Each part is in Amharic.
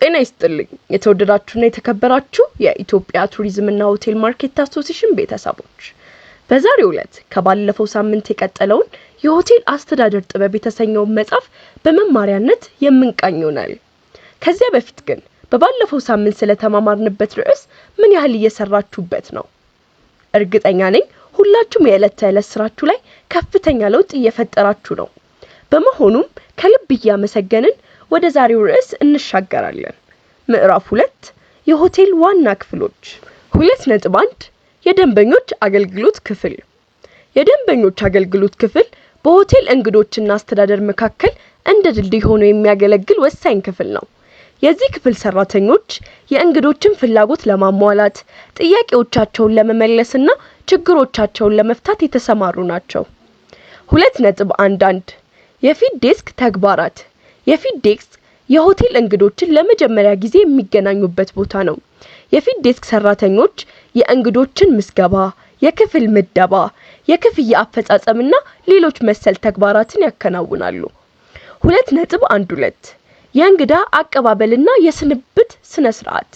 ጤና ይስጥልኝ የተወደዳችሁና የተከበራችሁ የኢትዮጵያ ቱሪዝምና ሆቴል ማርኬት አሶሴሽን ቤተሰቦች በዛሬው ዕለት ከባለፈው ሳምንት የቀጠለውን የሆቴል አስተዳደር ጥበብ የተሰኘውን መጽሐፍ በመማሪያነት የምንቃኝ ይሆናል። ከዚያ በፊት ግን በባለፈው ሳምንት ስለተማማርንበት ርዕስ ምን ያህል እየሰራችሁበት ነው? እርግጠኛ ነኝ ሁላችሁም የዕለት ተዕለት ስራችሁ ላይ ከፍተኛ ለውጥ እየፈጠራችሁ ነው። በመሆኑም ከልብ እያመሰገንን ወደ ዛሬው ርዕስ እንሻገራለን። ምዕራፍ ሁለት የሆቴል ዋና ክፍሎች ሁለት ነጥብ አንድ የደንበኞች አገልግሎት ክፍል። የደንበኞች አገልግሎት ክፍል በሆቴል እንግዶችና አስተዳደር መካከል እንደ ድልድይ ሆኖ የሚያገለግል ወሳኝ ክፍል ነው። የዚህ ክፍል ሰራተኞች የእንግዶችን ፍላጎት ለማሟላት፣ ጥያቄዎቻቸውን ለመመለስና ችግሮቻቸውን ለመፍታት የተሰማሩ ናቸው። ሁለት ነጥብ አንድ አንድ የፊት ዴስክ ተግባራት የፊት ዴስክ የሆቴል እንግዶችን ለመጀመሪያ ጊዜ የሚገናኙበት ቦታ ነው። የፊት ዴስክ ሰራተኞች የእንግዶችን ምዝገባ፣ የክፍል ምደባ፣ የክፍያ አፈጻጸምና ሌሎች መሰል ተግባራትን ያከናውናሉ። ሁለት ነጥብ አንድ ሁለት የእንግዳ አቀባበልና የስንብት ስነ ስርዓት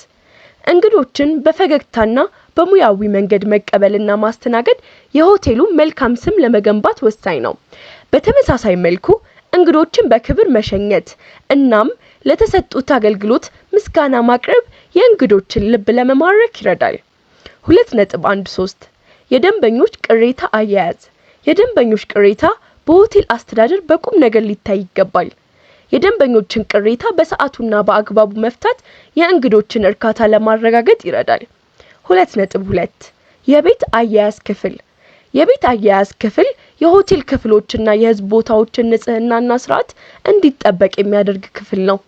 እንግዶችን በፈገግታና በሙያዊ መንገድ መቀበልና ማስተናገድ የሆቴሉ መልካም ስም ለመገንባት ወሳኝ ነው። በተመሳሳይ መልኩ እንግዶችን በክብር መሸኘት እናም ለተሰጡት አገልግሎት ምስጋና ማቅረብ የእንግዶችን ልብ ለመማረክ ይረዳል። ሁለት ነጥብ አንድ ሶስት የደንበኞች ቅሬታ አያያዝ የደንበኞች ቅሬታ በሆቴል አስተዳደር በቁም ነገር ሊታይ ይገባል። የደንበኞችን ቅሬታ በሰዓቱና በአግባቡ መፍታት የእንግዶችን እርካታ ለማረጋገጥ ይረዳል። ሁለት ነጥብ ሁለት የቤት አያያዝ ክፍል የቤት አያያዝ ክፍል የሆቴል ክፍሎችና የህዝብ ቦታዎችን ንጽህናና ስርዓት እንዲጠበቅ የሚያደርግ ክፍል ነው።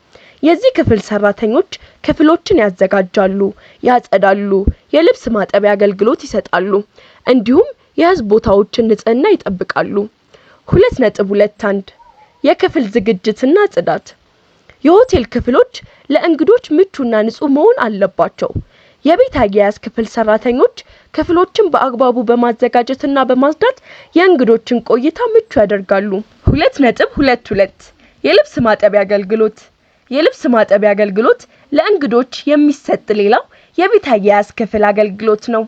የዚህ ክፍል ሰራተኞች ክፍሎችን ያዘጋጃሉ፣ ያጸዳሉ፣ የልብስ ማጠቢያ አገልግሎት ይሰጣሉ፣ እንዲሁም የህዝብ ቦታዎችን ንጽህና ይጠብቃሉ። ሁለት ነጥብ ሁለት አንድ የክፍል ዝግጅትና ጽዳት የሆቴል ክፍሎች ለእንግዶች ምቹና ንጹህ መሆን አለባቸው። የቤት አያያዝ ክፍል ሰራተኞች ክፍሎችን በአግባቡ በማዘጋጀትና በማጽዳት የእንግዶችን ቆይታ ምቹ ያደርጋሉ። ሁለት ነጥብ ሁለት ሁለት የልብስ ማጠቢያ አገልግሎት የልብስ ማጠቢያ አገልግሎት ለእንግዶች የሚሰጥ ሌላው የቤት አያያዝ ክፍል አገልግሎት ነው።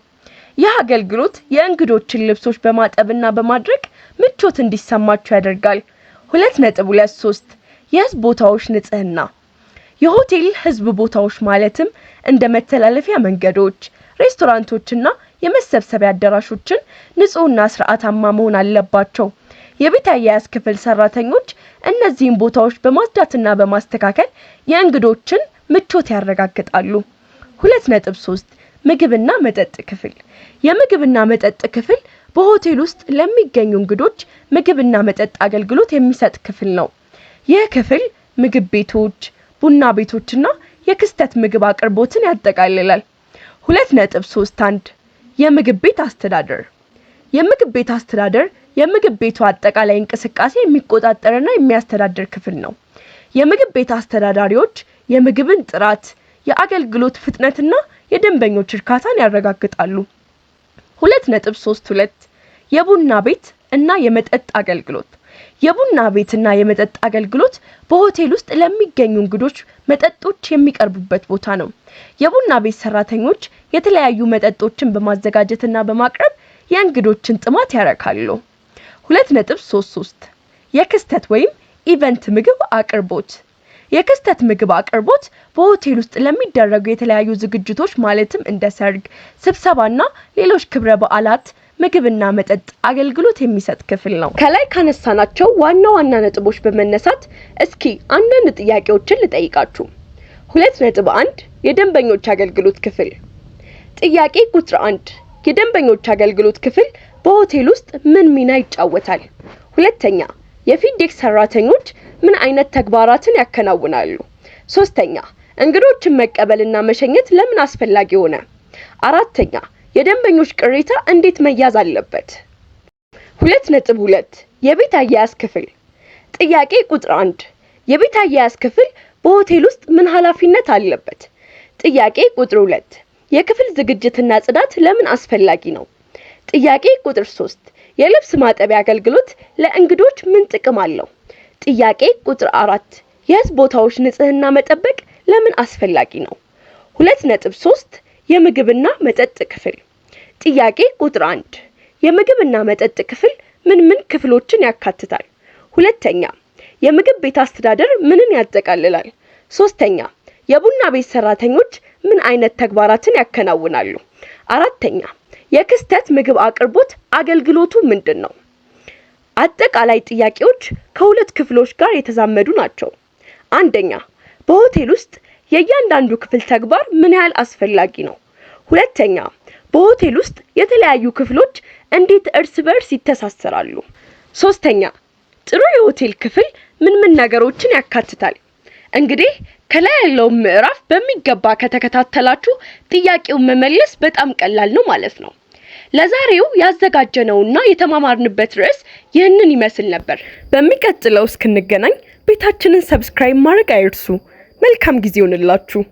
ይህ አገልግሎት የእንግዶችን ልብሶች በማጠብና በማድረግ ምቾት እንዲሰማቸው ያደርጋል። ሁለት ነጥብ ሁለት ሶስት የህዝብ ቦታዎች ንጽህና የሆቴል ህዝብ ቦታዎች ማለትም እንደ መተላለፊያ መንገዶች፣ ሬስቶራንቶችና የመሰብሰቢያ አዳራሾችን ንጹህና ስርዓታማ መሆን አለባቸው። የቤት አያያዝ ክፍል ሰራተኞች እነዚህን ቦታዎች በማጽዳትና በማስተካከል የእንግዶችን ምቾት ያረጋግጣሉ። ሁለት ነጥብ ሶስት ምግብና መጠጥ ክፍል የምግብና መጠጥ ክፍል በሆቴል ውስጥ ለሚገኙ እንግዶች ምግብና መጠጥ አገልግሎት የሚሰጥ ክፍል ነው። ይህ ክፍል ምግብ ቤቶች፣ ቡና ቤቶችና የክስተት ምግብ አቅርቦትን ያጠቃልላል። ሁለት ነጥብ ሶስት አንድ የምግብ ቤት አስተዳደር የምግብ ቤት አስተዳደር የምግብ ቤቱ አጠቃላይ እንቅስቃሴ የሚቆጣጠርና የሚያስተዳድር ክፍል ነው። የምግብ ቤት አስተዳዳሪዎች የምግብን ጥራት፣ የአገልግሎት ፍጥነትና የደንበኞች እርካታን ያረጋግጣሉ። ሁለት ነጥብ ሶስት ሁለት የቡና ቤት እና የመጠጥ አገልግሎት የቡና ቤትና የመጠጥ አገልግሎት በሆቴል ውስጥ ለሚገኙ እንግዶች መጠጦች የሚቀርቡበት ቦታ ነው። የቡና ቤት ሰራተኞች የተለያዩ መጠጦችን በማዘጋጀትና በማቅረብ የእንግዶችን ጥማት ያረካሉ። 233 የክስተት ወይም ኢቨንት ምግብ አቅርቦት የክስተት ምግብ አቅርቦት በሆቴል ውስጥ ለሚደረጉ የተለያዩ ዝግጅቶች ማለትም እንደ ሰርግ፣ ስብሰባና ሌሎች ክብረ በዓላት ምግብና መጠጥ አገልግሎት የሚሰጥ ክፍል ነው። ከላይ ካነሳናቸው ዋና ዋና ነጥቦች በመነሳት እስኪ አንዳንድ ጥያቄዎችን ልጠይቃችሁ። ሁለት ነጥብ አንድ የደንበኞች አገልግሎት ክፍል። ጥያቄ ቁጥር አንድ የደንበኞች አገልግሎት ክፍል በሆቴል ውስጥ ምን ሚና ይጫወታል? ሁለተኛ የፊት ሰራተኞች ምን አይነት ተግባራትን ያከናውናሉ? ሶስተኛ እንግዶችን መቀበልና መሸኘት ለምን አስፈላጊ ሆነ? አራተኛ የደንበኞች ቅሬታ እንዴት መያዝ አለበት? ሁለት ነጥብ ሁለት የቤት አያያዝ ክፍል ጥያቄ ቁጥር አንድ የቤት አያያዝ ክፍል በሆቴል ውስጥ ምን ኃላፊነት አለበት? ጥያቄ ቁጥር ሁለት የክፍል ዝግጅትና ጽዳት ለምን አስፈላጊ ነው? ጥያቄ ቁጥር ሶስት የልብስ ማጠቢያ አገልግሎት ለእንግዶች ምን ጥቅም አለው? ጥያቄ ቁጥር አራት የህዝብ ቦታዎች ንጽህና መጠበቅ ለምን አስፈላጊ ነው? ሁለት ነጥብ ሶስት የምግብና መጠጥ ክፍል ጥያቄ ቁጥር አንድ የምግብና መጠጥ ክፍል ምን ምን ክፍሎችን ያካትታል? ሁለተኛ የምግብ ቤት አስተዳደር ምንን ያጠቃልላል? ሶስተኛ የቡና ቤት ሰራተኞች ምን አይነት ተግባራትን ያከናውናሉ? አራተኛ የክስተት ምግብ አቅርቦት አገልግሎቱ ምንድን ነው? አጠቃላይ ጥያቄዎች ከሁለት ክፍሎች ጋር የተዛመዱ ናቸው። አንደኛ በሆቴል ውስጥ የእያንዳንዱ ክፍል ተግባር ምን ያህል አስፈላጊ ነው። ሁለተኛ፣ በሆቴል ውስጥ የተለያዩ ክፍሎች እንዴት እርስ በርስ ይተሳሰራሉ። ሶስተኛ፣ ጥሩ የሆቴል ክፍል ምን ምን ነገሮችን ያካትታል? እንግዲህ ከላይ ያለውን ምዕራፍ በሚገባ ከተከታተላችሁ ጥያቄውን መመለስ በጣም ቀላል ነው ማለት ነው። ለዛሬው ያዘጋጀነውና የተማማርንበት ርዕስ ይህንን ይመስል ነበር። በሚቀጥለው እስክንገናኝ ቤታችንን ሰብስክራይብ ማድረግ አይርሱ። መልካም ጊዜ ይሆንላችሁ።